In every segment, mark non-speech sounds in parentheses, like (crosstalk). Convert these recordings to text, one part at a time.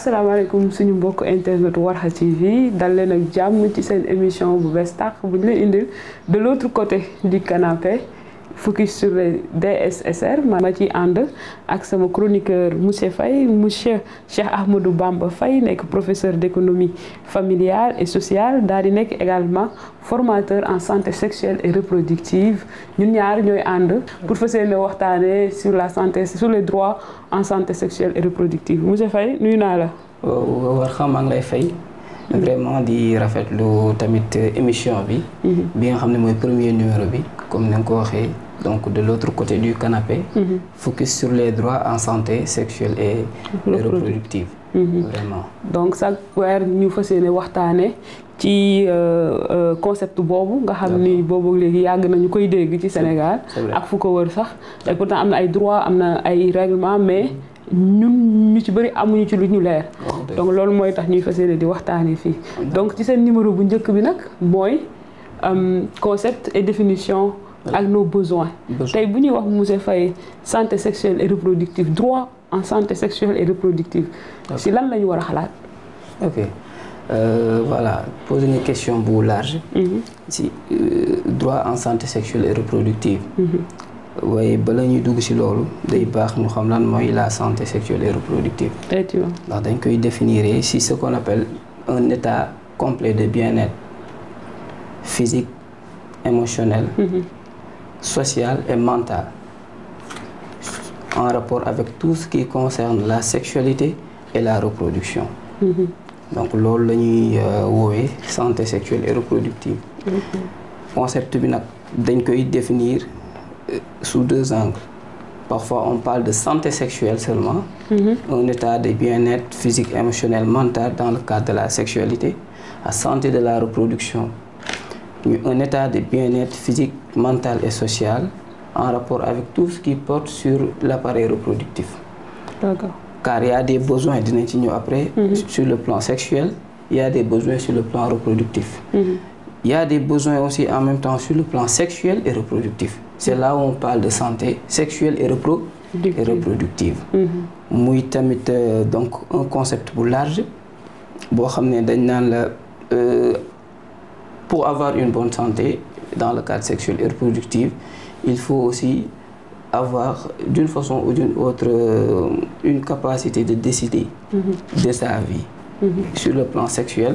asalaamaaleykum suñu mbokk internet warha TV dal leen ak jàmm ci seen émission bu bees tàq indil de l'autre côté du canapé focus sur les DSSR ma ma avec mon ak chroniqueur monsieur Faye monsieur Cheikh Ahmadou Bamba Faye professeur d'économie familiale et sociale et également formateur en santé sexuelle et reproductive Nous sommes Ande, professeur pour le sur la santé sur les droits en santé sexuelle et reproductive monsieur Faye nous sommes la. war xam maa lay fay. vraiment di rafetlu tamit émission bi. Mhm. bi nga xamné moy premier numéro bi comme ni donc de l'autre côté du canapé, mmh. focus sur les droits en santé sexuelle et reproductive. Mhm. vraiment donc chaque nous ñu fas yéene waxtaane ci euh, euh, concept bobu nga xamni bobu boobu yag nañu koy dégg ci Sénégal ak fu ko wër sax et pourtant amna ay droit amna na ay règlement mais ñun ñu ci bari amuñu ci lu ñu donc loolu moy tax ñuy fas di waxtané fi donc ci sen numéro bu ñëk bi nak mooy euh, concept et définition avec nos besoins tey bu ñuy wax monsieur santé sexuelle et reproductive droit en santé sexuelle et reproductive C'est lan que vous voulez a ok euh, voilà Posez une question beaucoup large mm -hmm. si euh, droit en santé sexuelle et reproductive Vous mhm. voyez, dugg si loolu day baax ñu xam lan la santé sexuelle et reproductive vois. dañ koy définir si ce qu'on appelle un état complet de bien-être physique émotionnel -hmm sociale et mentale en rapport avec tout ce qui concerne la sexualité et la reproduction. Mm-hmm. donc c'est euh, ce santé sexuelle et reproductive. Mm concept bi définir euh, sous deux angles parfois on parle de santé sexuelle seulement. Mm-hmm. un état de bien-être physique émotionnel mental dans le cadre de la sexualité la santé de la reproduction un état de bien-être physique, mental et social en rapport avec tout ce qui porte sur l'appareil reproductif. D'accord. Car il y a des besoins de après mhm. sur le plan sexuel, il y a des besoins sur le plan reproductif. Mhm. Il y a des besoins aussi en même temps sur le plan sexuel et reproductif. C'est mhm. là où on parle de santé sexuelle et, repro et reproductive. muy euh, donc un concept pour large bo ramener a pour avoir une bonne santé dans le cadre sexuel et reproductif, il faut aussi avoir d'une façon ou d'une autre euh, une capacité de décider mhm. de sa vie mhm. sur le plan sexuel,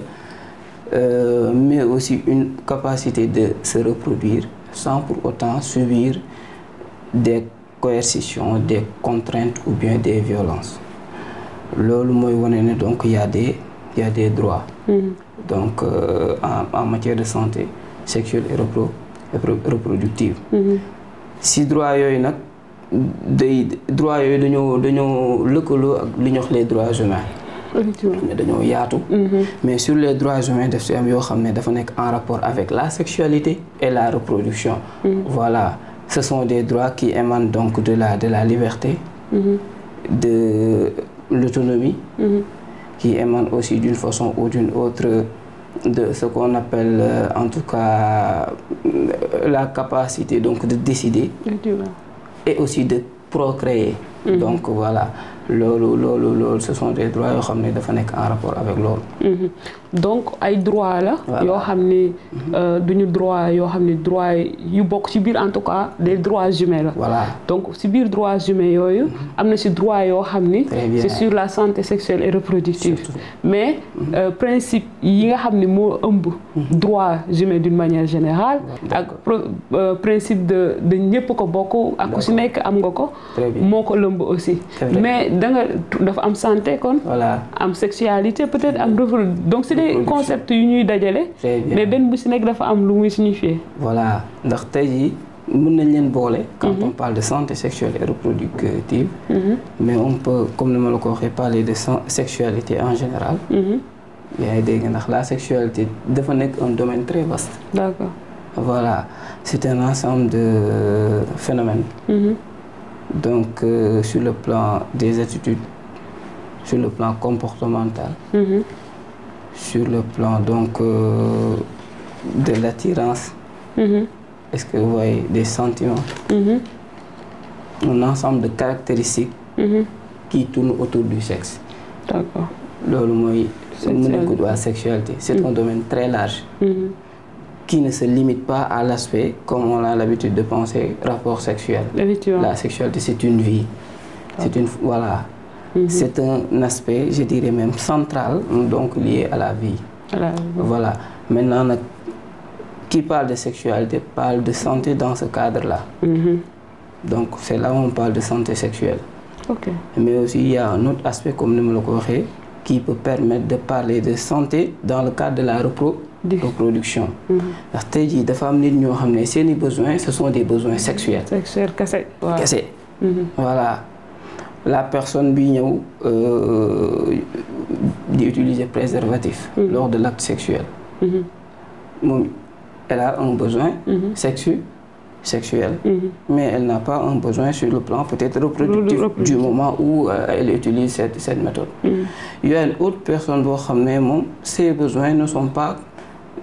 euh, mais aussi une capacité de se reproduire sans pour autant subir des coercitions, des contraintes ou bien des violences. donc il y des il y a des droits. Hmm. Donc, euh, en, matière de santé sexuelle et, reproductive. Hmm. si droits droits droits sont les droits humains. Hmm. mais sur les droits humains il y a un en rapport avec la sexualité et la reproduction. voilà ce sont des droits qui émanent donc de de la liberté. de l'autonomie qui émanent aussi d'une façon ou d'une autre de ce qu'on appelle euh, en tout cas euh, la capacité donc de décider et aussi de procréer. Mm-hmm. Donc voilà, ce sont des droits qui sont en rapport avec l'or donc ay droit la yo xamni euh duñu droit yo xamni droit yu bok ci biir en tout cas des droits humains la voilà donc ci biir droits humains yoyu mhm. amna ci droit yo xamni c'est sur la santé sexuelle et reproductive mais mhm. euh, principe yi nga xamni mo moo mhm. droits humains d'une manière générale ak euh, principe de de ñëpp ko bokk ak ku ci nek am nga ko moko aussi mais da nga dafa am santé kon am sexualité peut-être am donc concept yu ñuy dajale. mais ben bu que ça dafa am lu muy signifier. voilà ndax tay jii mën nañ leen quand mhm. on parle de santé sexuelle et reproductive. Mhm. mais on peut comme ni ma la parler de sexualité en général. Mhm. y dégg ndax la sexualité dafa nekk un domaine très vaste. d'accord. voilà c'est un ensemble de euh, phénomènes. donc euh, sur le plan des attitudes sur le plan comportemental sur le plan donc euh, de l'attirance. Mm-hmm. Est-ce que vous voyez des sentiments mm-hmm. Un ensemble de caractéristiques mm-hmm. qui tournent autour du sexe. D'accord. la sexualité, c'est un domaine très large qui ne se limite pas à l'aspect, comme on a l'habitude de penser, rapport sexuel. La sexualité, c'est une vie. C'est une, voilà, Mhm. C'est un aspect, je dirais même central, donc lié à la vie. Voilà. Maintenant, qui parle de sexualité parle de santé dans ce cadre-là. Mhm. Donc, c'est là où on parle de santé sexuelle. Mais aussi, il y a un autre aspect, comme nous le corrigez, qui peut permettre de parler de santé dans le cadre de la reproduction. Parce que les femmes qui ont besoins, ce sont des besoins sexuels. Sexuels, cassés. Mhm. Voilà la personne bi d'utiliser euh, des utiliser préservatif mm-hmm. lors de l'acte sexuel mm-hmm. elle a un besoin mm-hmm. sexu sexuel, mais elle n'a pas un besoin sur le plan peut-être reproductif du moment où euh, elle utilise cette, méthode. Il y a une autre personne qui ses besoins ne sont pas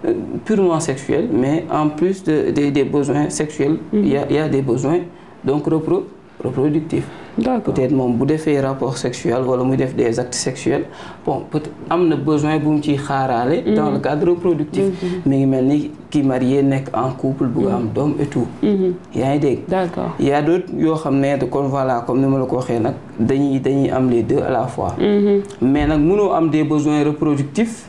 euh, purement sexuels, mais en plus des besoins sexuels, il, y a, des besoins donc repro reproductif peut-être moom bu defee rapport sexuel wala mon def des actes sexuels bon peut être na besoin bu petit charalé mm-hmm. dans le cadre reproductif Mais mm-hmm. ngi mel ni qui marié nekk en couple bu am mm-hmm. doom et tout Il y a des. d'accord Il y a d'autres yoo xam de quoi voilà comme nous ma la ko waxee dañuy dañuy am les deux à la fois mais nag mënoo am des besoins reproductifs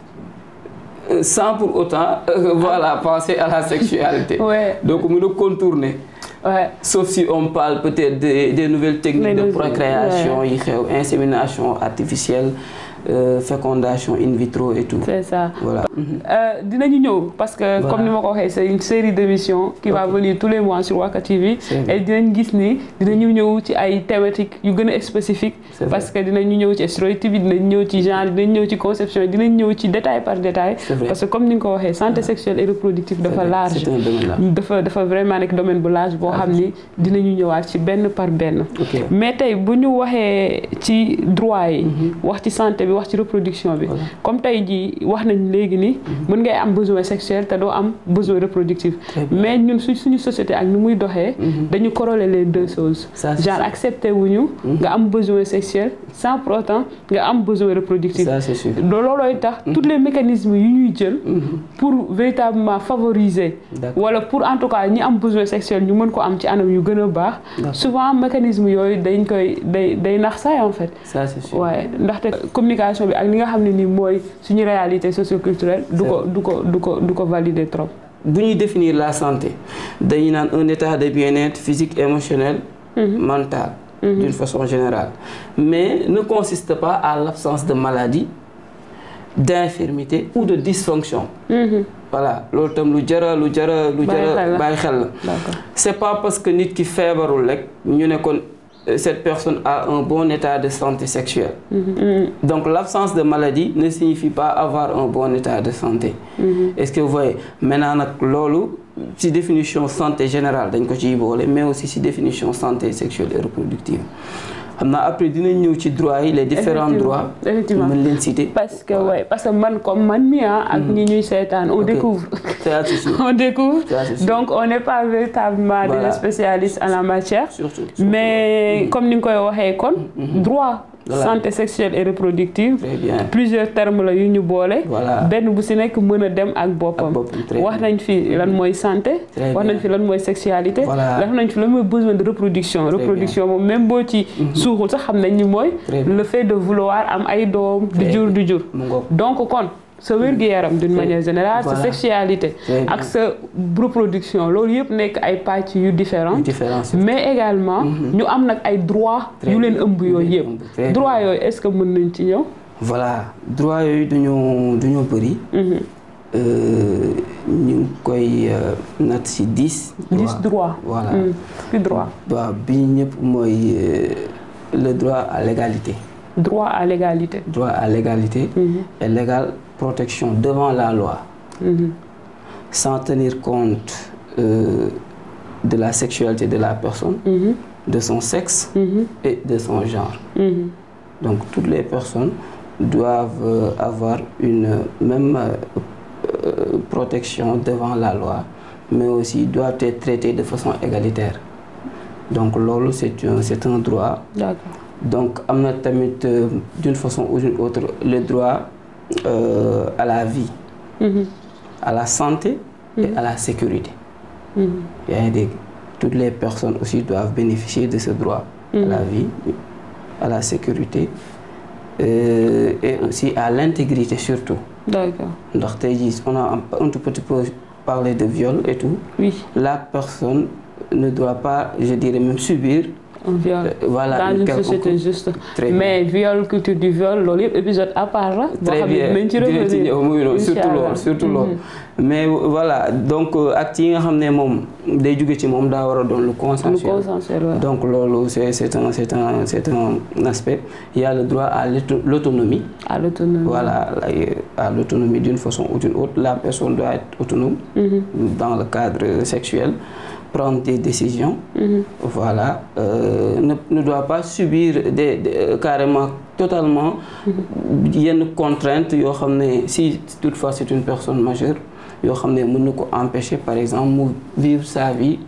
euh, sans pour autant euh, (laughs) voilà penser à la sexualité donc nous, contourner Sauf si on parle peut-être des, nouvelles techniques de procréation, insémination artificielle. Euh, fécondation in vitro et tout. C'est ça. Voilà. Euh, dinañu ñëw parce que comme nous ma dit, c'est une série d'émissions qui va venir tous les mois sur Waka TV. et dinañ gis ni dinañu ñëw ci ay thématiques yu gën spécifique, parce que dinañu ñëw ci stéréotypes TV, dinañu ñëw ci genre dinañu ñëw ci conception Dina dinañu ñëw détail par détail. parce que comme nous nga ko santé sexuelle et reproductive dafa large. dafa dafa vraiment nekk domaine bu large boo xam ni ah, dinañu ñëwaat ci benn par benn. mais tey bu ñu tu ci droit yi. Mhm. wax santé wax ci reproduction bi comme tay dit, wax nañ légui ni mhm. mën ngay am besoin sexuel te do am besoin reproductif mais ñun sommes suñu société ak ni muy doxé mhm. dañu corroler les deux choses genre accepté wuñu mhm. nga am besoin sexuel sans pour autant nga am besoin reproductif loolooy tax tous les mécanismes yu ñuy jël pour véritablement favoriser wala pour en tout cas ñi am besoin sexuel ñu mën ko am ci anam yu gëna baax souvent mécanisme yoy dañ koy day nax en fait ça c'est sûr ndaxte communication bi ak nga une réalité socioculturelle du ko du trop bu définir la santé dañuy un état de bien-être physique émotionnel mm-hmm. mental mm-hmm. d'une façon générale mais ne consiste pas à l'absence de maladie d'infirmité ou de dysfonction mm-hmm. voilà tam c'est pas parce que nit ki feebarul rek ñu ne euh, cette personne a un bon état de santé sexuelle. Mm-hmm. Donc l'absence de maladie ne signifie pas avoir un bon état de santé. Mm-hmm. Est-ce que vous voyez Maintenant, définition santé générale mais aussi si définition santé sexuelle et reproductive. xam naa après dinañ ñëw ci droit yi les différents droits. effectivement mën leen citer. parce que ouais que man comme man mi ah. ak ñi mm. ñuy seetaan on découvre. (laughs) on découvre donc on n'est pas véritablement des spécialistes en la matière. mais mm. comme ni nga koy waxee kon. Mm-hmm. droit. santé sexuelle et reproductive. plusieurs termes la ñu bu si nek dem ak wax nañ santé. wax sexualité. wax nañ besoin de reproduction. reproduction même si ci. Mhm. sax le fait de vouloir am ay du jour du jour donc kon sa wér-gu-yaram manière générale sa sexualité ak sa reproduction loolu yëpp nekk ay pàcc yu différent mais également mhm. ñu am nag ay droit yu leen ëmb yooyu yëpp droit yooyu est-ce que mën nañ ci ñëw voilà droit yooyu dañoo dañoo bëri mhm. euh, ñu ngi koy euh, natt ci dix dix mhm. droit voilà ci droit waaw bi ñëpp mooy euh, le droit à l'égalité droit à l'égalité droit à l'égalité et l'égal protection devant la loi, mhm. sans tenir compte euh, de la sexualité de la personne, mhm. de son sexe mhm. et de son genre. Donc toutes les personnes doivent euh, avoir une euh, même protection devant la loi, mais aussi doivent être traitées de façon égalitaire. Donc l'OLO, c'est un, droit. Donc amna d'une façon ou d'une autre le droit euh, à la vie, mhm. à la santé et mhm. à la sécurité. Mhm. toutes les personnes aussi doivent bénéficier de ce droit à la vie, à la sécurité euh, et aussi à l'intégrité surtout. D'accord. Donc, on a un, de viol et tout. Oui. La personne ne doit pas, je dirais même, subir viol euh, voilà, dans une société juste mais viol culture du viol l'olip, épisode à part très bien Mais tu surtout l'homme. surtout mhm. mais voilà donc euh, acte yi nga xamné mom day jugé ci mom da wara consensuel donc c'est c'est un c'est un c'est un aspect il y a le droit à l'autonomie à l'autonomie voilà euh, à l'autonomie d'une façon ou d'une autre la personne doit être autonome mhm. dans le cadre sexuel prendre des décisions, mm-hmm. voilà, euh, ne, doit pas subir des, euh, carrément totalement il mm-hmm. y a une contrainte, si toutefois c'est une personne majeure il ne peut pas empêcher par exemple de vivre sa vie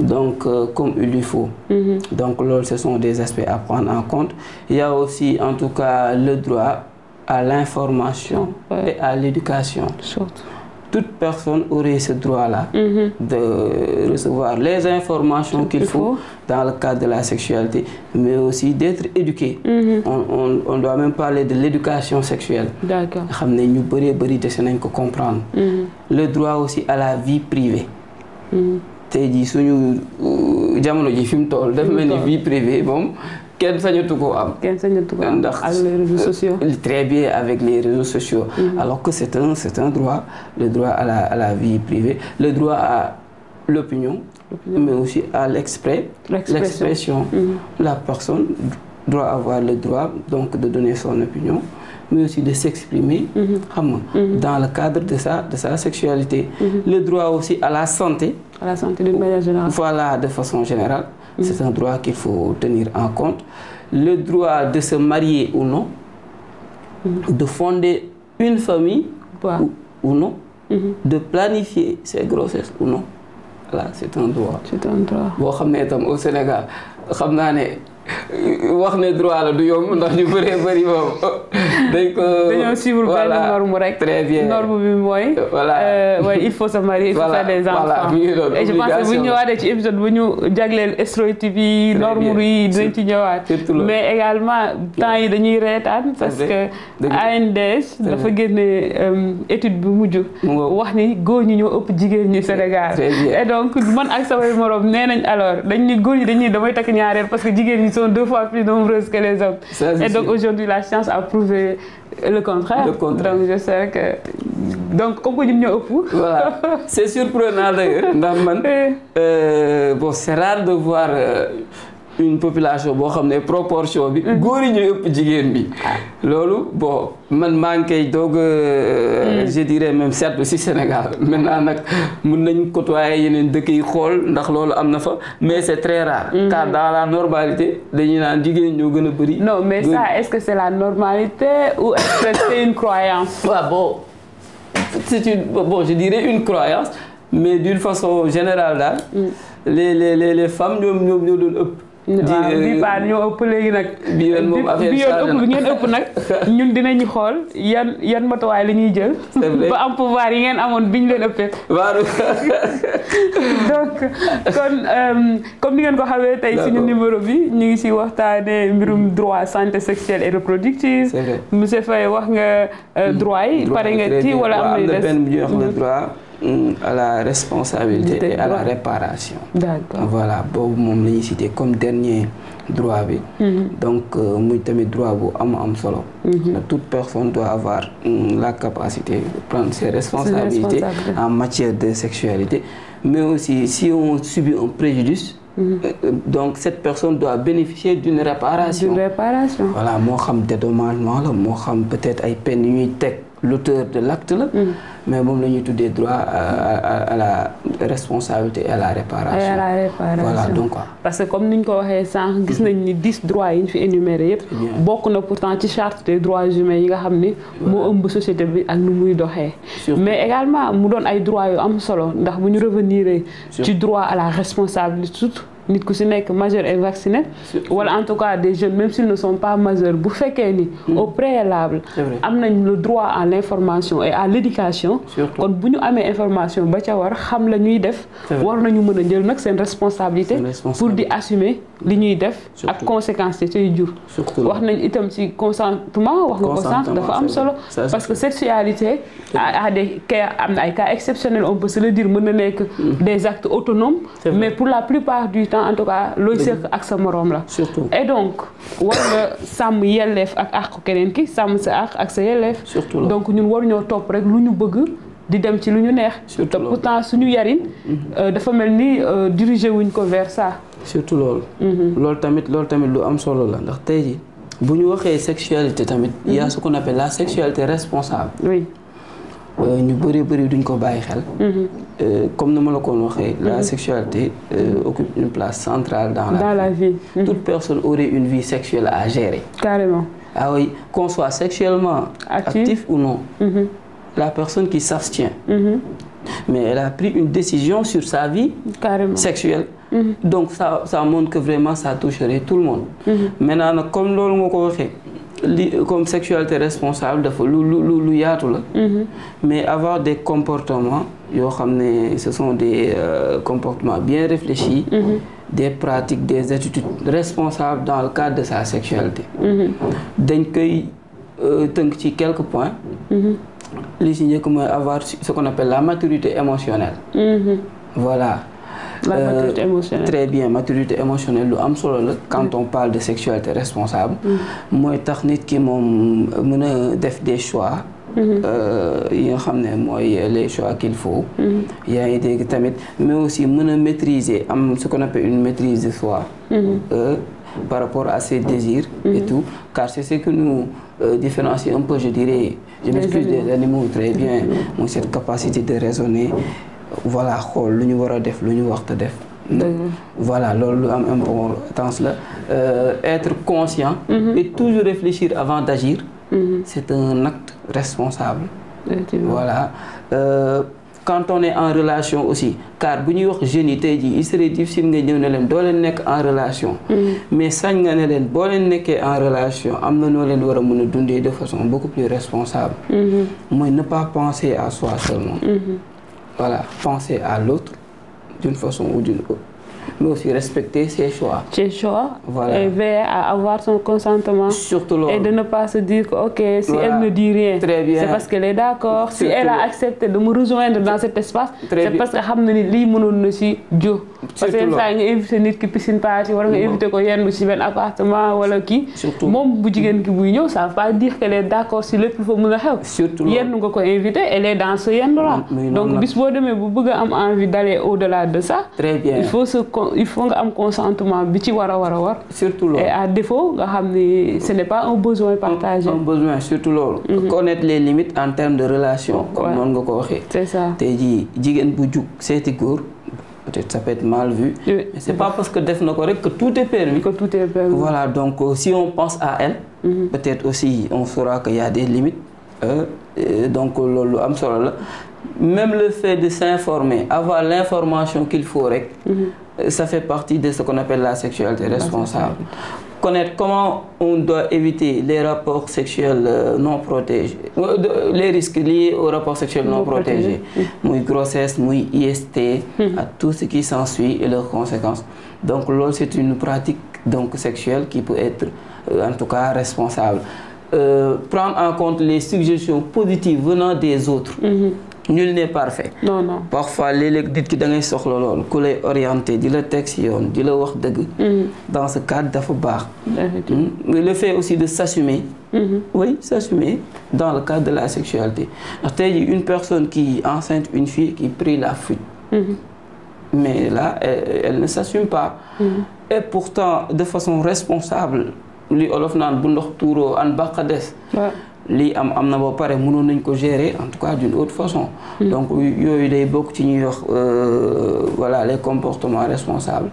donc euh, comme il lui faut mm-hmm. donc là, ce sont des aspects à prendre en compte il y a aussi en tout cas le droit à l'information et à l'éducation toute personne aurait ce droit-là mhm. de recevoir les informations qu'il faut, dans le cadre de la sexualité, mais aussi d'être éduqué. Mhm. On, doit même parler de l'éducation sexuelle. D'accord. comprendre. Mhm. Le droit aussi à la vie privée. Euh, dit, vie privée bon... Euh, il très bien avec les réseaux sociaux. Mm-hmm. alors que c'est un un droit le droit à la à la vie privée le droit à l'opinion mais aussi à l'exprès l'expression mm-hmm. la personne doit avoir le droit donc de donner son opinion mais aussi de s'exprimer mm-hmm. dans le cadre de sa de sa sexualité le droit aussi à la santé à la santé d'une manière générale voilà de façon générale Mm. C'est un droit qu'il faut tenir en compte. Le droit de se marier ou non, mm. de fonder une famille ou, non, mm-hmm. de planifier ses grossesses ou non. là, c'est un droit. C'est un droit. au Sénégal, wax ne droit la du yomb ndax ñu bëree bëri moom dañ ko. norme bi mooy. voilà mooy euh, il faut se marier il faut faire des enfants. voilà et je pense que bu ñu ñëwaatee ci épisode bu ñu jagleel stéréotypes yi norme yi dinañ ci ñëwaat. mais également temps yi dañuy reetaan parce que ANDS dafa génne euh, étude bu mujj. wax ni góor ñi ñoo ëpp jigéen ñu Sénégal. et donc man ak samay morom alors dañ ni dañuy damay takk ñaareel parce que jigéen ñi. sont deux fois plus nombreuses que les hommes. et donc aujourd'hui, la science a prouvé le contraire. contraire. Donc je sais que. Donc, on peut dire Voilà. C'est surprenant d'ailleurs. (laughs) euh, bon, c'est rare de voir. Euh, une population bo xamné proportion bi. Mm-hmm. góor ñu ñooy ëpp jigéen bi. Ah. lolu bon man maa ngi euh, mm. je dirais même seetlu au Sénégal (laughs) maintenant nak mën nañ côtoyer yeneen dëkk yi xol ndax lolu amna fa mais c'est très rare. Mm-hmm. car dans la normalité dañuy naan jigéen ñoo gëna a non mais ça est ce que c'est la normalité ou est ce que c'est une croyance. waaw (coughs) bon c'est une bon je dirais une croyance mais d'une façon générale mm. les les les les femmes ñoom ñoom ñoo doon ëpp. waaw bii eh, paa ñoo ëpp léegi nag. bii yoon moom ëpp bi ngeen ëpp nag (laughs) ñun dinañu xool yan yan motowaay la ñuy jël. (laughs) ba am pouvoir yi ngeen amoon bi ñu leen ëppee. (laughs) donc kon euh, comme ni ngeen ko xamee tey suñu numéro bi ñu ngi si waxtaanee mbirum droit santé sexuelle et reproductive. monsieur Faye wax nga euh, hmm. droit yi. pare nga ci wala am na benn bu ñuy wax hmm. droit. à la responsabilité et à la réparation. voilà comme dernier droit mhm. donc euh, droit à solo. Mhm. toute personne doit avoir mm, la capacité de prendre ses responsabilités en matière de sexualité mais aussi si on subit un préjudice. Mhm. Euh, euh, donc cette personne doit bénéficier d'une réparation. Une réparation. voilà xam dédommagement peut-être ay peine l'auteur de l'acte mais moom la ñuy tuddee droit à, à, à la responsabilité et à la réparation. et à la réparation voilà donc quoi. parce que comme nous ñu ko nous avons gis nañ ni dix droits yi ñu fi énuméré yëpp. na pourtant ci charte des droits humains yi nga xam ni. moo ëmb société bi ak nu muy mais également mu doon ay droits yu am solo ndax bu ñu revenir ci droit à la responsabilité tout nit ku si nekk majeur et vacciné wala en tout cas des jeunes même s'ils ne sont pas majeurs bu fekkee ni hmm. au préalable am le droit à l'information et à l'éducation kon bu ñu amee information ba ca war xam la ñuy def war nañu mën a jël nag seen responsabilité pour di assumer li ñuy def ak conséquences ci tey jur wax nañ itam ci consentement wax nga ko dafa am solo parce que sexualité à des cas am ay cas exceptionnels on peut se le dire mën na hmm. des actes autonomes mais pour la plupart du temps en tout cas looy seq ak sa morom la et donc war nga sàmm yelleef ak àq keneen ki sam sa ak sa yelleef donc ñun waruñoo top rek lu ñu bëgg di dem ci lu ñu neex te pourtant suñu yarin hmm. euh, dafa melni ni euh, diriger wuñ ko vers ça surtout l'homme. L'homme, tamit tamit am solo la ndax sexualité il y a mhm. ce qu'on appelle la sexualité responsable. oui euh, ñu bëri bëri duñ mhm. euh, comme nous la la mhm. sexualité euh, occupe une place centrale dans la. vie toute personne aurait une vie sexuelle à gérer. carrément. ah oui qu'on soit sexuellement. actif, ou non. la personne qui s'abstient mais elle a pris une décision sur sa vie. carrément sexuelle. Mm-hmm. donc ça montre que vraiment ça toucherait tout le monde. Mm-hmm. maintenant comme l'on le ko comme sexualité responsable tout mm-hmm. mais avoir des comportements ce sont des euh, comportements bien réfléchis. des pratiques des attitudes responsables dans le cadre de sa sexualité. Donc, y euh, ci quelques points. li ci avoir ce qu'on appelle la maturité émotionnelle. voilà la euh, maturité émotionnelle très bien maturité émotionnelle quand on parle de sexualité responsable mm. moi, tax technique qui m'a fait des choix Il y a les choix qu'il faut mm-hmm. y mais aussi il maîtriser ce qu'on appelle une maîtrise de soi mm-hmm. euh, par rapport à ses désirs et mm-hmm. tout car c'est ce que nous euh, différencie un peu je dirais je m'excuse des animaux très bien cette capacité de raisonner voilà xool luñu wara def luñu ñu waxta def. voilà loolu lu am importance la euh, être conscient. Mhm. et toujours réfléchir avant d'agir. Mhm. c'est un acte responsable. voilà euh, quand on est en relation aussi car bu wax jeunes tay il serait difficile nga ñëw na leen do leen en relation. Mhm. mais sañ nga ne leen bo leen en relation amna no noo leen de façon beaucoup plus responsable. Moi, ne pas penser à soi seulement voilà, penser à l'autre d'une façon ou d'une autre nous aussi respecter ses choix. Ses choix. Voilà. Et veiller avoir son consentement. Surtout Et de ne pas se dire que, ok, si elle ne dit rien, c'est parce qu'elle est d'accord. Si elle a accepté de me rejoindre dans cet espace, c'est parce que a dit ni lii suis na si jóg. parce que ça elle yi invité nit ki piscine party wala nga invité ko yenn si appartement surtout Mon bu qui ki buy ça ça veut pas dire qu'elle est d'accord si le plus mën me surtout nga ko invité elle est dans ce yenn là donc bis vous avez bu envie d'aller au-delà de ça. très bien il faut se il faut un consentement bi ci wara surtout et à défaut ce n'est pas un besoin partagé. un besoin surtout mm-hmm. connaître les limites en termes de relation. comme on nga ko c'est ça bu peut-être ça peut être mal vu. mais c'est pas parce que def que tout est permis. que tout est permis. voilà donc euh, si on pense à elle. Mm-hmm. peut-être aussi on saura qu'il y a des limites. Euh, donc euh, même le fait de s'informer avoir l'information qu'il faut rek. Mm-hmm. Euh, ça fait partie de ce qu'on appelle la sexualité responsable. Connaître comment on doit éviter les rapports sexuels euh, non protégés, euh, les risques liés aux rapports sexuels non, protégés, mouille grossesse, mouille IST, hum. à tout ce qui s'ensuit et leurs conséquences. Donc là, c'est une pratique donc, sexuelle qui peut être en tout cas responsable. prendre en compte les suggestions positives venant des autres nul n'est parfait. non non parfois les gens qui que da ngay soxla loolu ku orienté mm-hmm. dans ce cadre d'affaires. Mm-hmm. mais le fait aussi de s'assumer mm-hmm. oui s'assumer dans le cadre de la sexualité ndax tey une personne qui enceinte une fille qui prie la fuite. mais là elle, ne s'assume pas. et pourtant de façon responsable lui olof li am amna na ba pare mënoon nañ ko gérer en tout cas d'une autre façon hmm. donc yooyu day bok ci ñuy wax euh, voilà les comportements responsables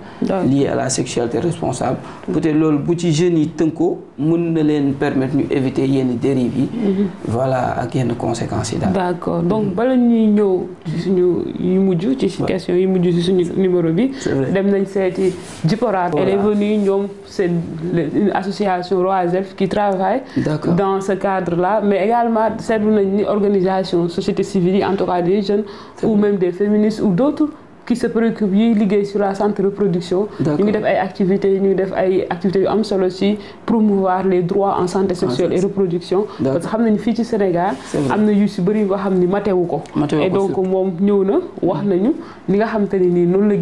liés à la sexualité responsable hmm. peut-être lool bu ci jeunes yi tënkoo mën na leen permettre ñu éviter yenn dérives yi hmm. voilà ak yenn conséquences yi d'accord donc bala ñuy ñëw ci suñu yu mujj ci question yi mujj ci suñu numéro bi dem nañ seeti Djipora elle est venue ñom c'est une association Roisef qui travaille dans ce cadre mais également certaines organisations, organisation société civile en tout cas des jeunes ou même des féministes ou d'autres qui se préoccupe de sur la santé reproduction Nous def activités ñu activités promouvoir les droits en santé sexuelle et reproduction parce que avons Sénégal nous yu et donc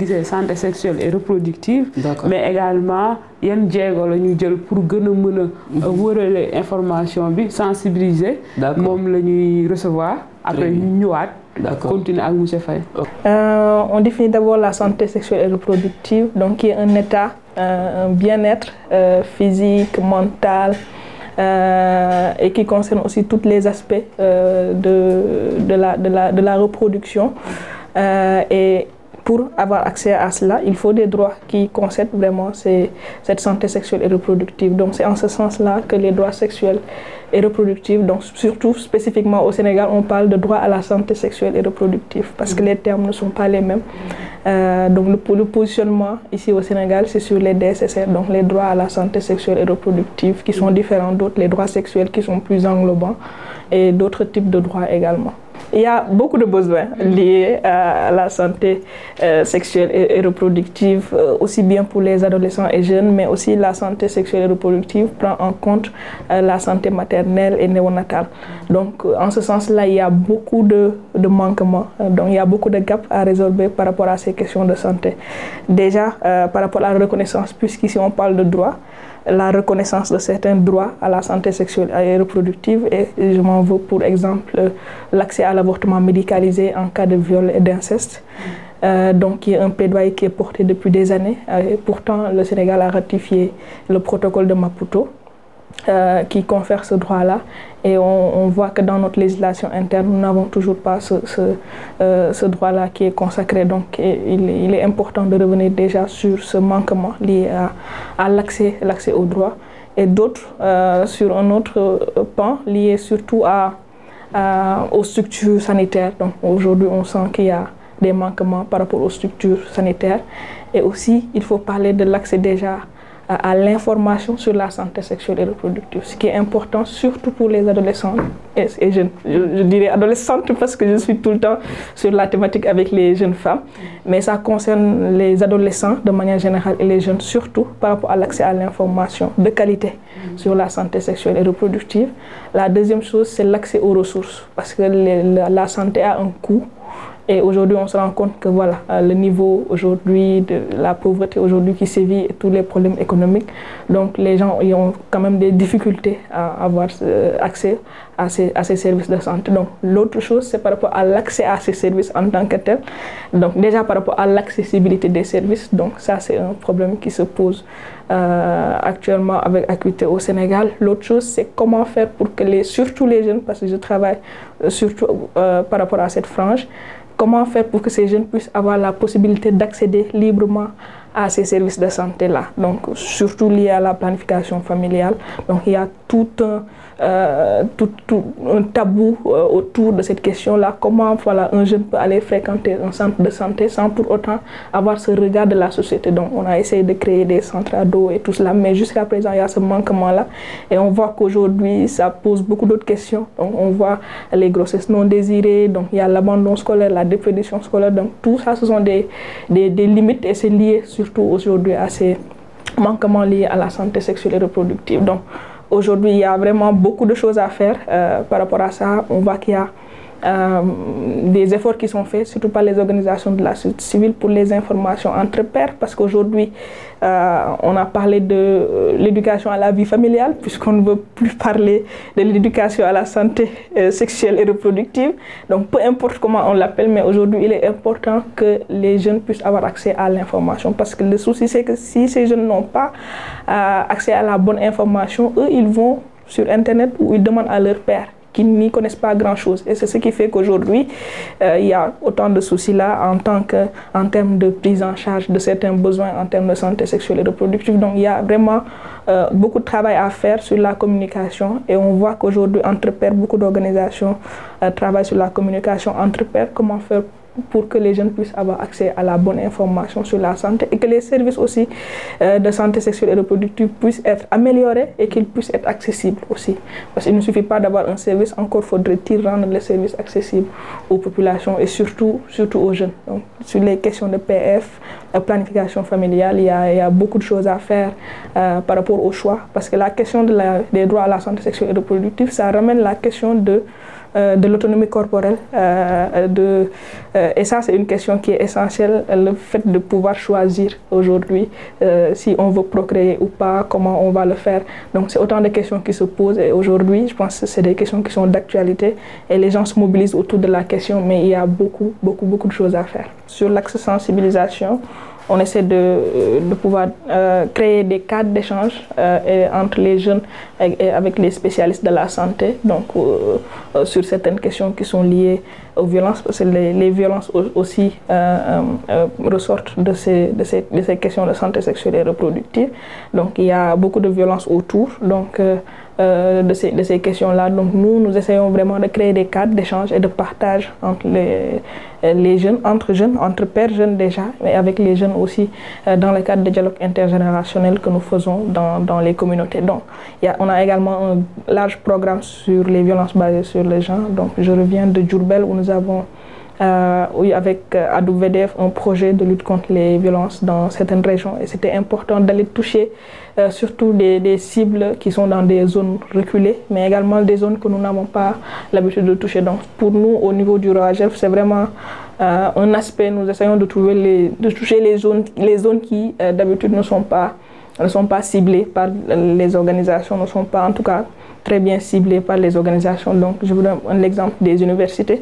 la santé sexuelle et reproductive mais également pour nous mhm. sensibiliser nous recevoir Oh. Euh, on définit d'abord la santé sexuelle et reproductive donc qui est un état euh, un bien-être euh, physique mental et qui concerne aussi tous les aspects de de la de la de la reproduction et pour avoir accès à cela, il faut des droits qui concèdent vraiment cette santé sexuelle et reproductive. Donc c'est en ce sens-là que les droits sexuels et reproductifs, donc surtout spécifiquement au Sénégal, on parle de droits à la santé sexuelle et reproductive parce que mm-hmm. les termes ne sont pas les mêmes. Euh, donc le, positionnement ici au Sénégal, c'est sur les DSSR, donc les droits à la santé sexuelle et reproductive qui sont mm-hmm. différents d'autres, les droits sexuels qui sont plus englobants et d'autres types de droits également il y a beaucoup de besoins liés à la santé euh, sexuelle et, reproductive, euh, aussi bien pour les adolescents et jeunes, mais aussi la santé sexuelle et reproductive prend en compte euh, la santé maternelle et néonatale. Donc, en ce sens-là, il y a beaucoup de, manquements, donc il y a beaucoup de gaps à résorber par rapport à ces questions de santé. Déjà, par rapport à la reconnaissance, puisqu'ici on parle de droits, la reconnaissance de certains droits à la santé sexuelle et reproductive. Et je m'en veux pour exemple euh, l'accès à l'avortement médicalisé en cas de viol et d'inceste. Euh, donc, il y a un plaidoyer qui est porté depuis des années. Euh, et pourtant, le Sénégal a ratifié le protocole de Maputo euh, qui confère ce droit-là. Et on, voit que dans notre législation interne, nous n'avons toujours pas ce, euh, droit-là qui est consacré. Donc il, est important de revenir déjà sur ce manquement lié à, l'accès, l'accès au droit. Et d'autres, euh, sur un autre pan, lié surtout à, aux structures sanitaires. Donc aujourd'hui, on sent qu'il y a des manquements par rapport aux structures sanitaires. Et aussi, il faut parler de l'accès déjà à, l'information sur la santé sexuelle et reproductive, ce qui est important surtout pour les adolescents et, jeunes. Je, dirais adolescentes parce que je suis tout le temps sur la thématique avec les jeunes femmes, mais ça concerne les adolescents de manière générale et les jeunes surtout par rapport à l'accès à l'information de qualité sur la santé sexuelle et reproductive. La deuxième chose, c'est l'accès aux ressources parce que la santé a un coût et aujourd'hui, on se rend compte que voilà, euh, le niveau aujourd'hui de la pauvreté aujourd'hui qui sévit et tous les problèmes économiques, donc les gens ont quand même des difficultés à avoir euh, accès à ces, services de santé. Donc l'autre chose, c'est par rapport à l'accès à ces services en tant que tel. Donc déjà par rapport à l'accessibilité des services, donc ça c'est un problème qui se pose euh, actuellement avec acuité au Sénégal. L'autre chose, c'est comment faire pour que les, surtout les jeunes, parce que je travaille surtout par rapport à cette frange, Comment faire pour que ces jeunes puissent avoir la possibilité d'accéder librement à ces services de santé-là Donc, surtout lié à la planification familiale. Donc, il y a tout un euh, tout, un tabou euh, autour de cette question-là. Comment voilà, un jeune peut aller fréquenter un centre de santé sans pour autant avoir ce regard de la société. Donc on a essayé de créer des centres ados et tout cela, mais jusqu'à présent il y a ce manquement-là. Et on voit qu'aujourd'hui ça pose beaucoup d'autres questions. Donc, on voit les grossesses non désirées, donc il y a l'abandon scolaire, la dépédition scolaire. Donc tout ça, ce sont des, des, des limites et c'est lié surtout aujourd'hui à ces manquements liés à la santé sexuelle et reproductive. Donc, Aujourd'hui, il y a vraiment beaucoup de choses à faire euh, par rapport à ça. On voit qu'il y a euh, des efforts qui sont faits, surtout par les organisations de la société civile, pour les informations entre pairs, parce qu'aujourd'hui, euh, on a parlé de euh, l'éducation à la vie familiale, puisqu'on ne veut plus parler de l'éducation à la santé sexuelle et reproductive. Donc, peu importe comment on l'appelle, mais aujourd'hui, il est important que les jeunes puissent avoir accès à l'information, parce que le souci, c'est que si ces jeunes n'ont pas accès à la bonne information, eux, ils vont sur Internet ou ils demandent à leur père qui n'y connaissent pas grand-chose. Et c'est ce qui fait qu'aujourd'hui, euh, il y a autant de soucis-là en, tant que, en termes de prise en charge de certains besoins en termes de santé sexuelle et reproductive. Donc il y a vraiment euh, beaucoup de travail à faire sur la communication et on voit qu'aujourd'hui, entre pairs, beaucoup d'organisations euh, travaillent sur la communication entre pairs, comment faire pour que les jeunes puissent avoir accès à la bonne information sur la santé et que les services aussi euh, de santé sexuelle et reproductive puissent être améliorés et qu'ils puissent être accessibles aussi. Parce qu'il ne suffit pas d'avoir un service, encore faudrait-il rendre les services accessibles aux populations et surtout, surtout aux jeunes. sur les questions de PF, la euh, planification familiale, il y a, beaucoup de choses à faire euh, par rapport au choix. Parce que la question des droits à la santé sexuelle et reproductive, ça ramène la question de euh, de l'autonomie corporelle. Euh, de, euh, et ça, c'est une question qui est essentielle, le fait de pouvoir choisir aujourd'hui si on veut procréer ou pas, comment on va le faire. Donc, c'est autant de questions qui se posent et aujourd'hui, je pense que c'est des questions qui sont d'actualité et les gens se mobilisent autour de la question, mais il y a beaucoup, beaucoup, beaucoup de choses à faire. Sur l'axe sensibilisation, on essaie de, euh, pouvoir euh, créer des cadres d'échange euh, entre les jeunes et, avec les spécialistes de la santé, donc sur certaines questions qui sont liées aux violences, parce que les, violences aussi ressortent de ces, questions de santé sexuelle et reproductive. Donc il y a beaucoup de violences autour, donc euh, de ces, de ces questions-là. Donc nous, nous essayons vraiment de créer des cadres d'échange et de partage entre les, les jeunes, entre jeunes, entre pères jeunes déjà, mais avec les jeunes aussi, euh, dans le cadre de dialogue intergénérationnel que nous faisons dans, dans les communautés. Donc on a également un large programme sur les violences basées sur les gens. Donc je reviens de Djourbel où nous avons euh, avec euh, Adouvedev, un projet de lutte contre les violences dans certaines régions. Et c'était important d'aller toucher euh, surtout des, cibles qui sont dans des zones reculées, mais également des zones que nous n'avons pas l'habitude de toucher. Donc pour nous, au niveau du ROAGEF, c'est vraiment euh, un aspect, nous essayons de, trouver de toucher les zones, les zones qui d'habitude ne sont pas ne sont pas ciblées par les organisations, ne sont pas en tout cas très bien ciblés par les organisations. Donc, je vous donne l'exemple des universités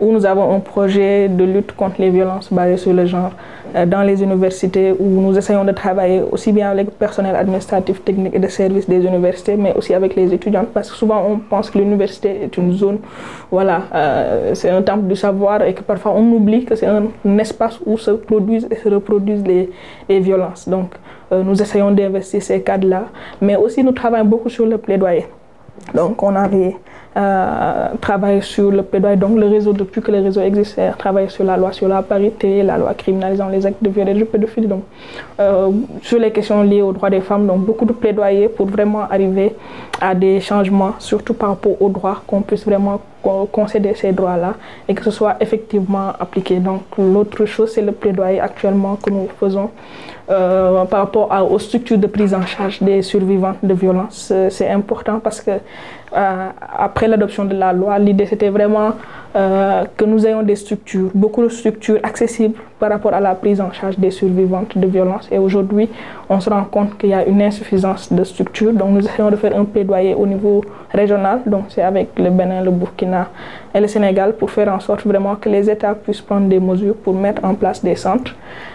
où nous avons un projet de lutte contre les violences basées sur le genre euh, dans les universités où nous essayons de travailler aussi bien avec le personnel administratif, technique et de services des universités, mais aussi avec les étudiants, parce que souvent on pense que l'université est une zone, voilà, euh, c'est un temple du savoir et que parfois on oublie que c'est un, espace où se produisent et se reproduisent les, violences. Donc euh, nous essayons d'investir ces cadres-là, mais aussi nous travaillons beaucoup sur le plaidoyer. Donc, on avait euh, travaillé sur le plaidoyer. Donc, le réseau, depuis que le réseau existait, travaillé sur la loi sur la parité, la loi criminalisant les actes de viol et de pédophilie. Donc, euh, sur les questions liées aux droits des femmes, donc beaucoup de plaidoyers pour vraiment arriver à des changements, surtout par rapport aux droits, qu'on puisse vraiment concéder ces droits-là et que ce soit effectivement appliqué. Donc, l'autre chose, c'est le plaidoyer actuellement que nous faisons euh, par rapport aux structures de prise en charge des survivantes de violences. Euh, c'est important parce que euh, après l'adoption de la loi, l'idée c'était vraiment que nous ayons des structures, beaucoup de structures accessibles par rapport à la prise en charge des survivantes de violences. Et aujourd'hui, on se rend compte qu'il y a une insuffisance de structures. Donc nous essayons de faire un plaidoyer au niveau régional. Donc c'est avec le Bénin, le Burkina et le Sénégal pour faire en sorte vraiment que les États puissent prendre des mesures pour mettre en place des centres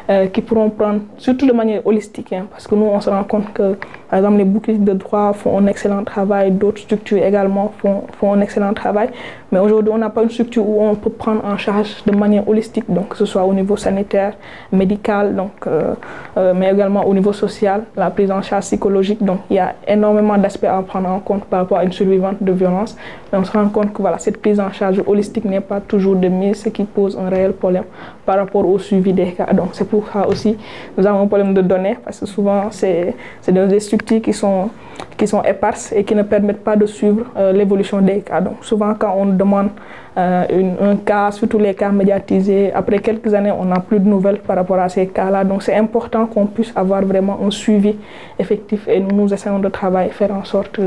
euh, qui pourront prendre, surtout de manière holistique, hein, parce que nous, on se rend compte que, par exemple, les boucliers de droit font un excellent travail, d'autres structures également font, font, un excellent travail, mais aujourd'hui, on n'a pas une structure où on peut prendre en charge de manière holistique, donc que ce soit au niveau sanitaire, médical, donc, euh, euh, mais également au niveau social, la prise en charge psychologique. Donc, il y a énormément d'aspects à prendre en compte par rapport à une survivante de violence, on se rend compte que voilà, cette prise en charge holistique n'est pas toujours de mise, ce qui pose un réel problème par rapport au suivi des cas. Donc c'est pour ça aussi nous avons un problème de données parce que souvent c'est des structures qui sont, qui sont éparses et qui ne permettent pas de suivre euh, l'évolution des cas. Donc souvent quand on demande euh, un cas, surtout les cas médiatisés. Après quelques années, on n'a plus de nouvelles par rapport à ces cas-là. Donc c'est important qu'on puisse avoir vraiment un suivi effectif et nous, nous essayons de travailler, faire en sorte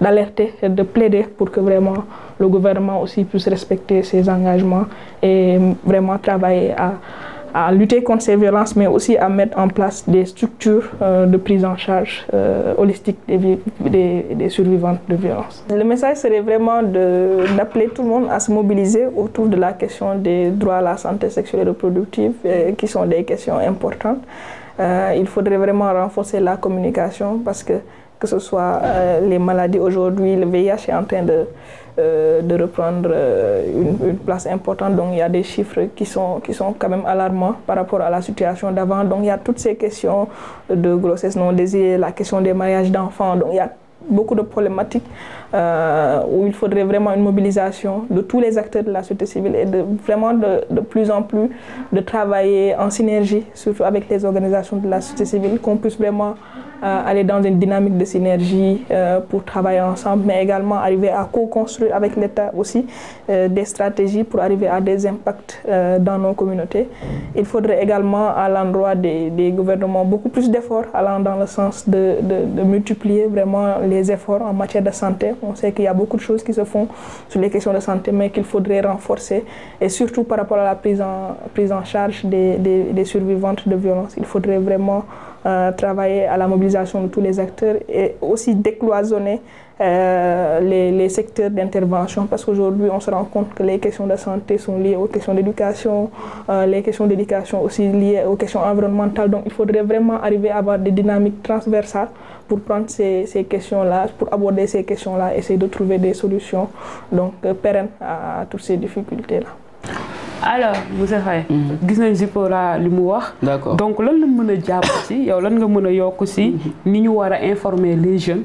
d'alerter, de plaider pour que vraiment le gouvernement aussi puisse respecter ses engagements et vraiment travailler à à lutter contre ces violences, mais aussi à mettre en place des structures euh, de prise en charge euh, holistique des, survivantes de violences. Le message serait vraiment d'appeler tout le monde à se mobiliser autour de la question des droits à la santé sexuelle et reproductive, euh, qui sont des questions importantes. il faudrait vraiment renforcer la communication parce que que ce soit euh, les maladies aujourd'hui, le VIH est en train de, euh, reprendre euh, une, place importante. Donc il y a des chiffres qui sont, qui sont quand même alarmants par rapport à la situation d'avant. Donc il y a toutes ces questions de grossesse non désirée, la question des mariages d'enfants. Donc il y a beaucoup de problématiques euh, où il faudrait vraiment une mobilisation de tous les acteurs de la société civile et de, vraiment de, plus en plus de travailler en synergie, surtout avec les organisations de la société civile, qu'on puisse vraiment euh, aller dans une dynamique de synergie euh, pour travailler ensemble, mais également arriver à co-construire avec l'État aussi des stratégies pour arriver à des impacts dans nos communautés. Il faudrait également à l'endroit des, gouvernements beaucoup plus d'efforts allant dans le sens de, de multiplier vraiment les efforts en matière de santé. On sait qu'il y a beaucoup de choses qui se font sur les questions de santé, mais qu'il faudrait renforcer. Et surtout par rapport à la prise en, prise en charge des, survivantes de violences, il faudrait vraiment euh, travailler à la mobilisation de tous les acteurs et aussi décloisonner euh, les, secteurs d'intervention, parce qu'aujourd'hui, on se rend compte que les questions de santé sont liées aux questions d'éducation, euh, les questions d'éducation aussi liées aux questions environnementales. Donc, il faudrait vraiment arriver à avoir des dynamiques transversales pour prendre ces, ces questions-là, pour aborder ces questions-là, essayer de trouver des solutions donc, euh, pérennes à, toutes ces difficultés-là. alors vous Faye je vais vous la d'accord donc lan la mën a aussi yow lan nga mhm. informer les jeunes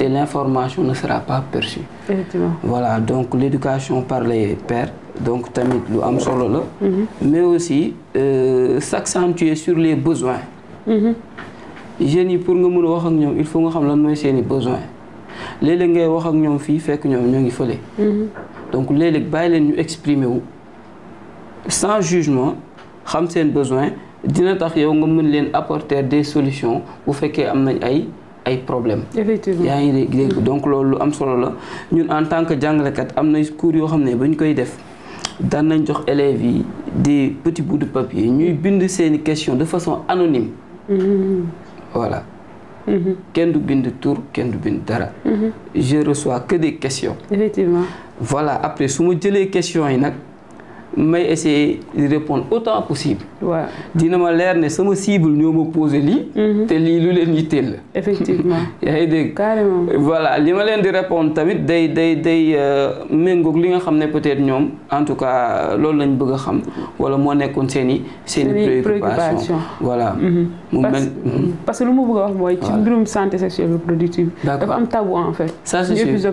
et l'information ne sera pas perçue. Voilà, donc l'éducation par les pères, donc tamit lu am solo mhm. mais aussi euh, s'accentuer sur les besoins. Mhm. Je yi pour nous il faut nga xam lan mooy besoins Les gens ngay wax ak ñoom fii fekk ñoom ñoo mhm. donc les léeg nous leen exprimer sans jugement xam seen besoin dina tax yow nga apporter des solutions pour fekkee am nañ ay problème yaa ngi dégg donc loolu selon am solo la ñun en tant que jàngalekat am na cours yoo xam ne ba koy def daan nañ jox élèves yi des petits bouts de papier ñuy bind seen questions de façon anonyme mm-hmm. voilà mm-hmm. kenn du bind tour kenn du bind dara mm-hmm. je reçois que des questions effectivement voilà après su ma jëlee questions yi nag mais essayer de répondre autant possible. waaw dina ma leer ne sama cible ñoo ma poser li té li mhm. lu len yitteel effectivement (laughs) yaa ngi carrément voilà li ma leen di répondre tamit day day day euh, méngoog li nga xamné peut-être ñom en tout cas euh, lool lañ bëgg xam wala mo nekkoon seen i. préoccupation voilà. Mhm. mu mel mhm. parce que lu ma bëgg wax moy ci mbirum santé sexuelle reproductive. dafa am tabou en fait. ça c'est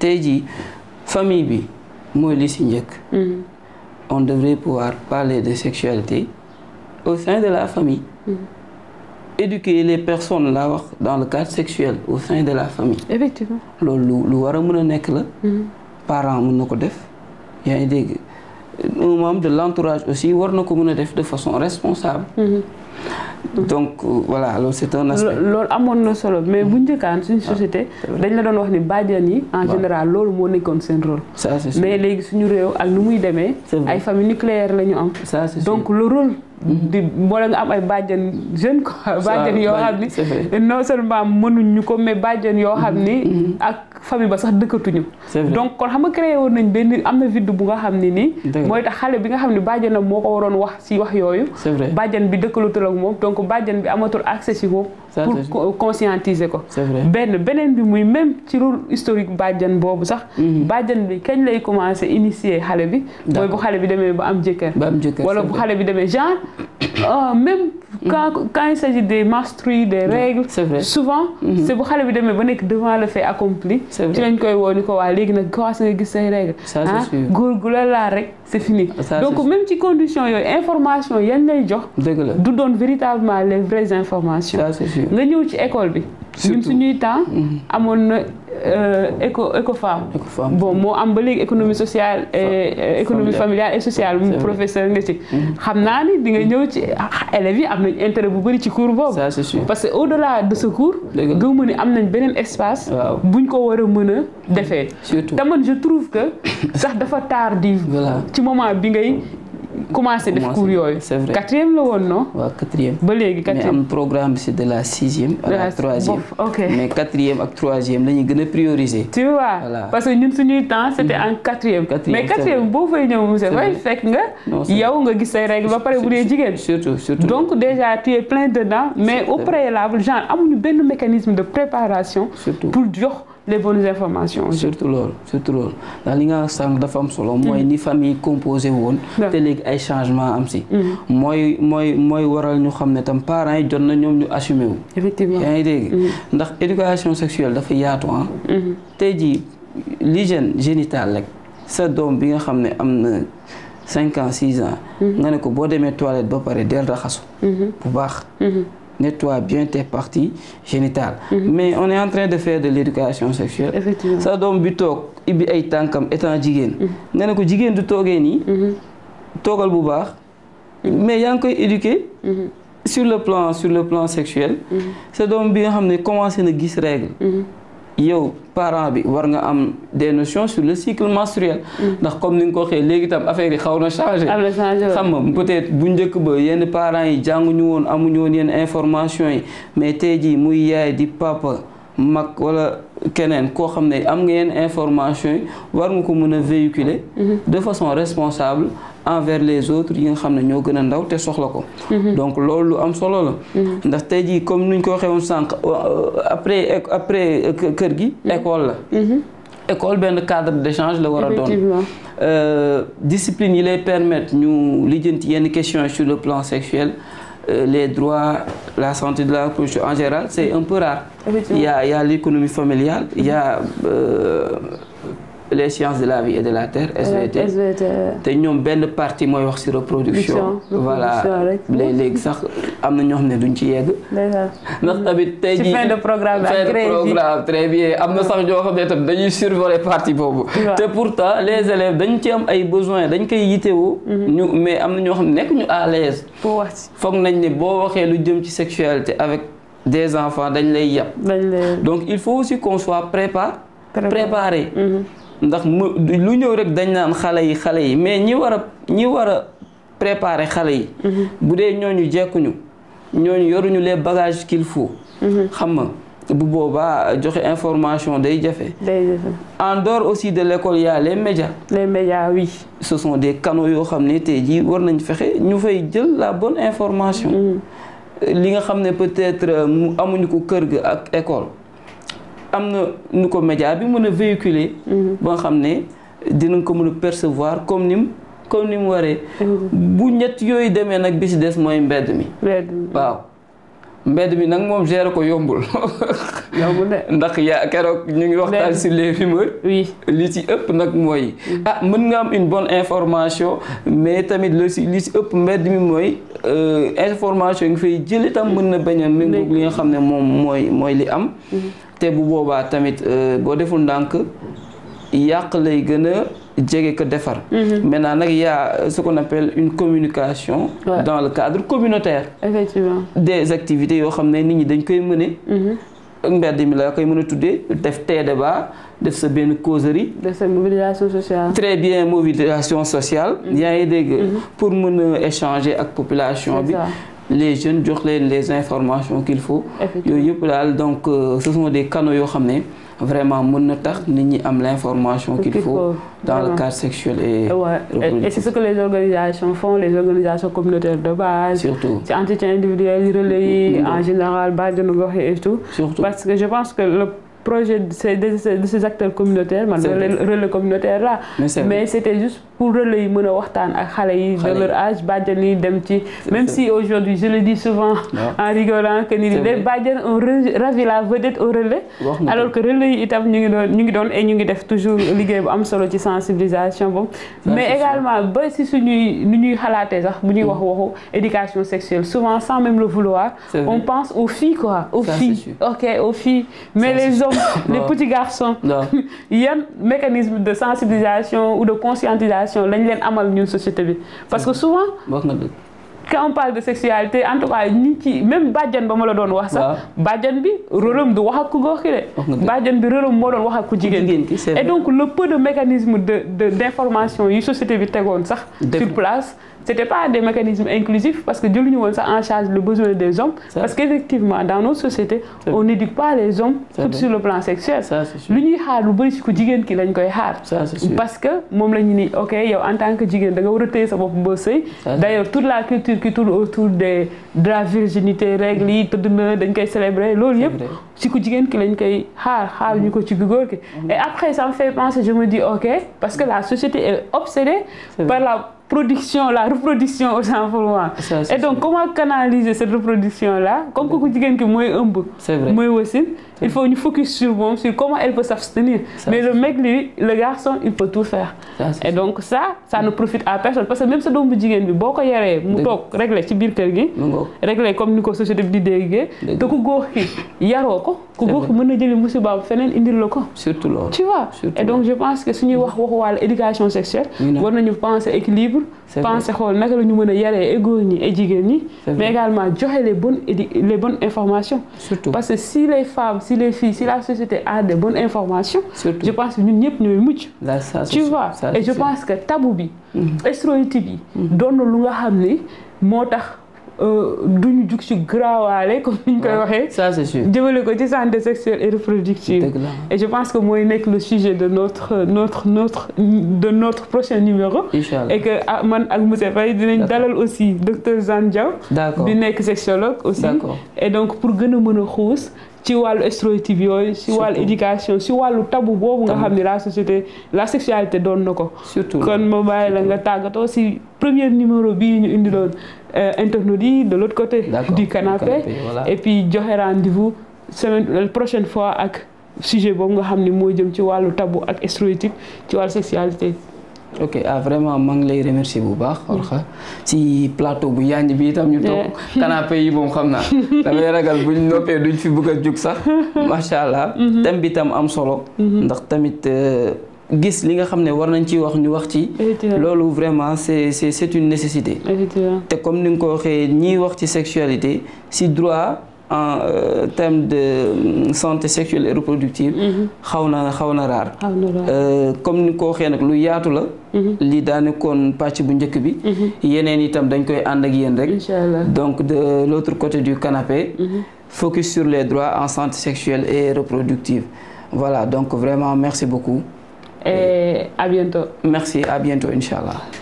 tey famille bi moi li mm-hmm. on devrait pouvoir parler de sexualité au sein de la famille. Mm-hmm. éduquer les personnes là dans le cadre sexuel au sein de la famille. effectivement loolu lu wara mëna nekk la. Mm-hmm. parent mën ko def dégg de l'entourage aussi war ko de façon responsable donc euh, voilà alors c'est un aspect. loolu amoon na solo mais bu njëkkaan suñu ah, société dañ la doon wax ni bàjjan yi en général loolu moo nekkoon seen rôle ça c'est sûr mais léegi suñu réew ak nu muy demee ay famille nucléaire la ñu am ça c'est sûr donc le rôle di boole nga am ay bàjjen jeune quoi bàjjen yoo xam ni non seulement mënuñ ñu ko mais bàjjen yoo xam ni mm-hmm. Mm-hmm. ak famille ba sax dëkkatuñu donc kon xam nga créé woon nañ benn am na vide bu nga xam ne nii mooy tax xale bi nga xam ne bàjjenam moo ko waroon wax si wax yooyu bàjjen bi dëkkalutul ak moom donc bi amatul accès si moom pour conscientiser ko benn beneen bi muy même ci rôle historique bàjjen boobu sax mm-hmm. bàjjen bi kañ lay commencé initier xale bi mooy bu xale bi demee ba am jëkkër wala bu xale bi demee genre Euh, même quand, quand il s'agit des menstrues, des règles, vrai. souvent, mhm. c'est pour xale bi mais ba devant le fait accompli. ci lañ koy woo ni ko waa léegi nag commencé nga gis règles. ça c'est ah, la laa rek c' fini. donc même ci condition yooyu information il lay jox. dëgg la du donne véritablement les vraies informations. ça c'est sûr nga ñëw ci école bi. surtout ñun suñuy temps mhm. amoon éco euh, écofemme. écofemme bon moo am ba léegi économie sociale. et euh, économie familiale et sociale. mu professeur Ndéthic. Mhm. xam naa ni di nga ñëw ci ah, élèves am nañ intérêt bu bëri ci cours boobu. parce que au delà de ce cours. dëgg gëmuma ni am nañ beneen espace. buñ ko war a mën a mhm. defee. surtout te man je que (coughs) sax dafa tardive. ci moment bi ngay. Mhm. commencé de cours yooyu. c'est vrai quatrième le woon non. Wa, quatrième ba quatrième mais un programme c'est de la sixième. à la troisième ok mais quatrième à troisième la ñuy gën prioriser. tu vois parce que ñun suñuy temps c'était mm-hmm. en quatrième. mais quatrième boo fay ñëw monsieur Faye fekk nga. yow nga gis say règles, ba y bu dee jigéen. surtout surtout donc déjà tu es plein dedans mais au préalable genre amuñu benn mécanisme de préparation. surtout pour jox les bonnes informations. Aussi. Surtout l'or, surtout l'or. La ligne à sang de femmes solo, mm. moi, une famille composée, on a des changements. Mm. Moi, moi, moi, moi, nous sommes des parents, nous sommes assumés. Effectivement. Il y a des mm. éducation sexuelle, il y a toi. Hein. Mm -hmm. Tu dit, l'hygiène génitale, ça donne bien, nous sommes. 5 ans, 6 ans, je mm -hmm. ne peux pas mettre toilette pour parler d'elle. Pour nettoie bien tes parties génitales. Mhm. Mais on est en train de faire de l'éducation sexuelle. Effectivement. Ça donne but ibi ay tànkam étant jigéen. Mhm. nee na ko avons du que nous avons bu baax. Mhm. mais avons ngi éduquer. sur le plan sur le plan sexuel. Ça donne bien nga xam ne une na règle yow parent bi war nga am des notions sur le cycle menstruel. Mm. ndax comme ni nga ko waxee léegi tam affaire yi xaw na changé. xam nga peut-être bu njëkk ba yenn parents yi jànguñu woon amuñu woon yenn information yi mais tey jii muy yaay di papa mag wala keneen koo xam ne am nga yenn information yi war nga ko mën a véhiculer. Mm-hmm. de façon responsable vers les autres yi nga ñoo ndaw mhm. donc loolu mhm. comme nous, euh, euh, après après euh, kër mhm. école la cadre d'échange la discipline yi lay permettre ñu a yenn questions sur le plan sexuel les droits la santé de la couche en général c'est un peu rare il il y a l'économie familiale il y a les sciences de la vie et de la terre SVT te ñom benn partie moy wax ci reproduction voilà Les les sax am ñoo ne duñ ci yegg ndax tamit ji. Ci fin de programme très bien Amna sax ñoo xamné tam dañuy survoler parti bobu. te pourtant les élèves dañ ci am ay besoins dañ koy yitewoo mhm. ñu mais amna na ñoo xam ne ñu à l'aise foog nañ ne bo waxé lu jëm ci sexualité avec des enfants dañ lay yàpp donc il faut aussi qu'on soit prépa préparé mhm ndax lu ñëw rek dañ naan xalé yi xalé yi mais ñi wara ñi wara préparer xalé yi. Mm-hmm. bu dee ñooñu jekkuñu yoruñu les bagages qu'il faut. Mm-hmm. xam nga bu boba joxe information day jafé day jafe en dehors aussi de l'école école y a les médias. les médias oui. ce sont des canaux yo xamné ne ji war nañ fexé ñu fay jël la bonne information. Mm-hmm. li nga xamné peut-être euh, amuñu ko kër ga ak école am nous nu ko média bi mën véhiculer. Mhm. nous xamné dinañ ko Les percevoir comme nim comme Nous waré mhm. bu ñet yoy nak Les dess des mbedd mi. waaw mbedd mi nak mom géré ko yombul. yombul de (laughs) ndax ya keroog ñu ngi les oui li ci ëpp mhm. ah mën nga am une bonne information mais tamit li si ëpp mbedd mi euh information nga fay jël itam mën na bañ li nga li té bu boba tamit euh, bo deful ndànk yaq lay gëna a ko défar mhm. maintenant nak y a euh, ce qu'on appelle une communication ouais. dans le cadre communautaire effectivement des activités yo xamné nit ñi dañ koy mëne mhm. mbedd mi la koy mëna a def té débat def sa benn causerie. def sa mobilisation sociale. très bien mobilisation sociale. Mhm. yaa ngi dégg. pour mëna échanger ak population bi les jeunes ont les informations qu'il faut donc euh, ce sont des canaux qui sont vraiment mën tax l'information qu'il faut dans le cadre sexuel et et c'est ce que les organisations font les organisations communautaires de base surtout un entretien individuel en général base de nos et tout surtout parce que je pense que le projet de ces, de ces, de ces acteurs communautaires man relais communautaire là mais c'était juste pour relais yi mën a waxtaan ak yi de leur âge bàjjan yi dem ci même si aujourd'hui je le dis souvent en rigolant que ni les bàjjan on ravi la vedette au relais alors que relais est itam ñu ngi ñu ngi et ñu ngi def toujours liggéey bu am solo ci sensibilisation Bon. mais également bon, si suñuy nu ñuy xalaatee sax bu wax mm. éducation sexuelle souvent sans même le vouloir on pense aux filles quoi aux filles ok aux filles mais les hommes les petits garçons un (laughs) mécanisme de sensibilisation ou de conscientisation société parce que souvent quand on parle de sexualité en tout cas même badjan on la du et donc le peu de mécanismes de de une société sur place c'était pas des mécanismes inclusifs parce que Dieu nous ça en charge le besoin des hommes. parce qu'effectivement, dans notre société, on n'éduque pas les hommes tout sur le plan sexuel. L'union a le bon que jigen qui l'ont Parce que mon l'ennemi, ok, en tant que jigen, de retenir sa propre bosser. D'ailleurs, toute la culture qui tourne autour de, de la virginité, règles, tout le monde, célébrer, l'olive. Mm-hmm. Et après, ça me fait penser, je me dis, ok, parce que la société est obsédée par la production la reproduction au sein de moi. et donc comment canaliser cette reproduction là comme que ku que un peu, c'est vrai il faut une focus sur bon sur comment elle peut s'abstenir. Mais le mec, lui, le garçon, il peut tout faire. et donc ça, ça ne profite à personne. Parce que même ce nous jigéen bi bon ko y mu toog réglé ci biir kër régler. comme ni ko société il y a te ku góor ki yaroo ko surtout là. tu vois et donc je pense que si nous avons l'éducation éducation sexuelle nous nañu penser équilibre penser pensons naka nous ñu mën a mais également joxe les bonnes les bonnes informations parce que si les femmes si les filles, si la société a de bonnes informations, je pense que nous sommes pas les Tu vois, et je pense que Taboubi, mhm. Estroïtibi, mhm. donne le euh, duñu jug ci graawaale comme niñ koy waxee. ça c'est sûr jëmale ko ci santé sexuelle et reproductive. et je pense que moy nek le sujet de notre notre notre de notre prochain numéro. Inchallah. et que ah man ak monsieur Faye dinañ dalal aussi docteur Jean Diaw. bi nek sexologue aussi. et donc pour gëna mëna mën ci walu stéréotype yooyu ci wàllu éducation ci walu tabu boobu nga xam ne la société la sexualité doon na ko. surtout kon ma bàyyi la nga tàggatoo ci premier numéro bii ñu indi doon Euh, internautes yi de l'autre côté du canapé et puis joxe rendez-vous semaine euh, prochaine fois ak sujet boobu nga xam ni moo jëm ci wàllu tabou ak stéréotype ci wàllu sexualité ok ah vraiment maa ngi lay remercier bu baax Orkha si plateau bu yanj bi itam ñu eh. toog canapé yi moom xam naa (laughs) damay ragal buñ noppee duñ fi a jóg sax (laughs) macha allah mhm. thème am solo mhm. ndax tamit euh, gis li nga xamné ne war nañ ci wax ñu wax ci lolu vraiment c'est c'est c'est une nécessité té comme ni nga ko waxé ñi wax ci sexualité si droit en euh, termes de euh, santé sexuelle et reproductive mm-hmm. xawna xawna rar euh, comme ni ko waxé nak lu yaatu la lii kon patch bu njëkk bi mm-hmm. yeneen itam dañ koy and ak yeen rek donc de l'autre côté du canapé mm-hmm. focus sur les droits en santé sexuelle et reproductive voilà donc vraiment merci beaucoup et eh, à bientôt. Merci, à bientôt, inshallah.